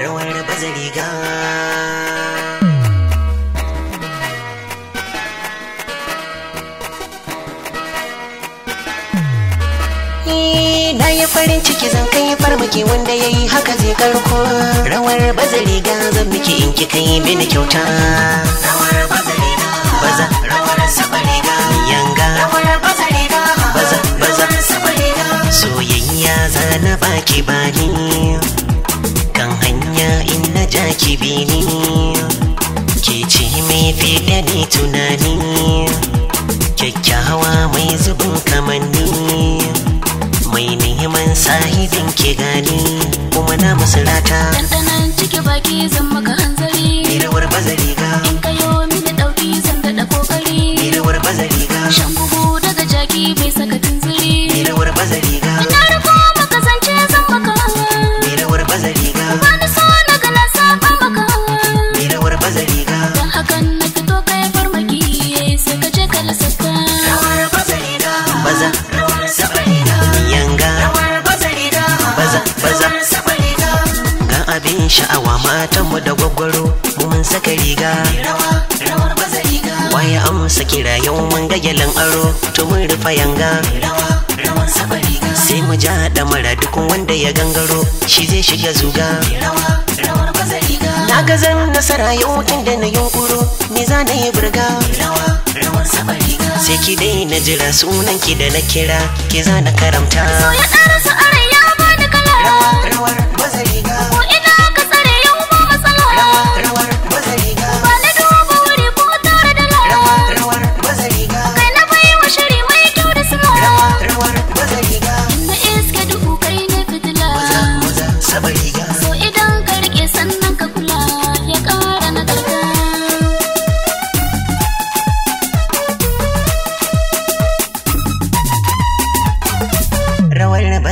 rawar bazariga eh, na yi farin ciki zan kai farmaki wanda ya yi haka zai karko rawar riga zan miki in ki kai mini kyauta ki bi mai ni tunani kyakkyawa mai zubin kamanni mai neman sahibin ke gani kuma na musulata ɗanɗanan ciki baki mu da gwaggwaro mu mun saka riga waye amsa kira yau mun gage aro to mun rufa yanga sai mu ja da mara dukun wanda ya gangaro shi zai shiga zuga na ga zan nasara yau da na yunkuro me za na yi burga sai ki dai na jira sunan ki da na kira ki za na karamta so ya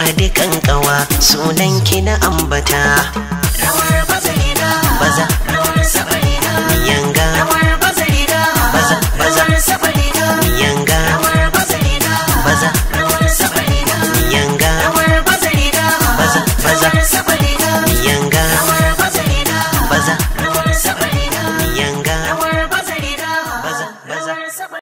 a kawa sunan ki na ambata rawar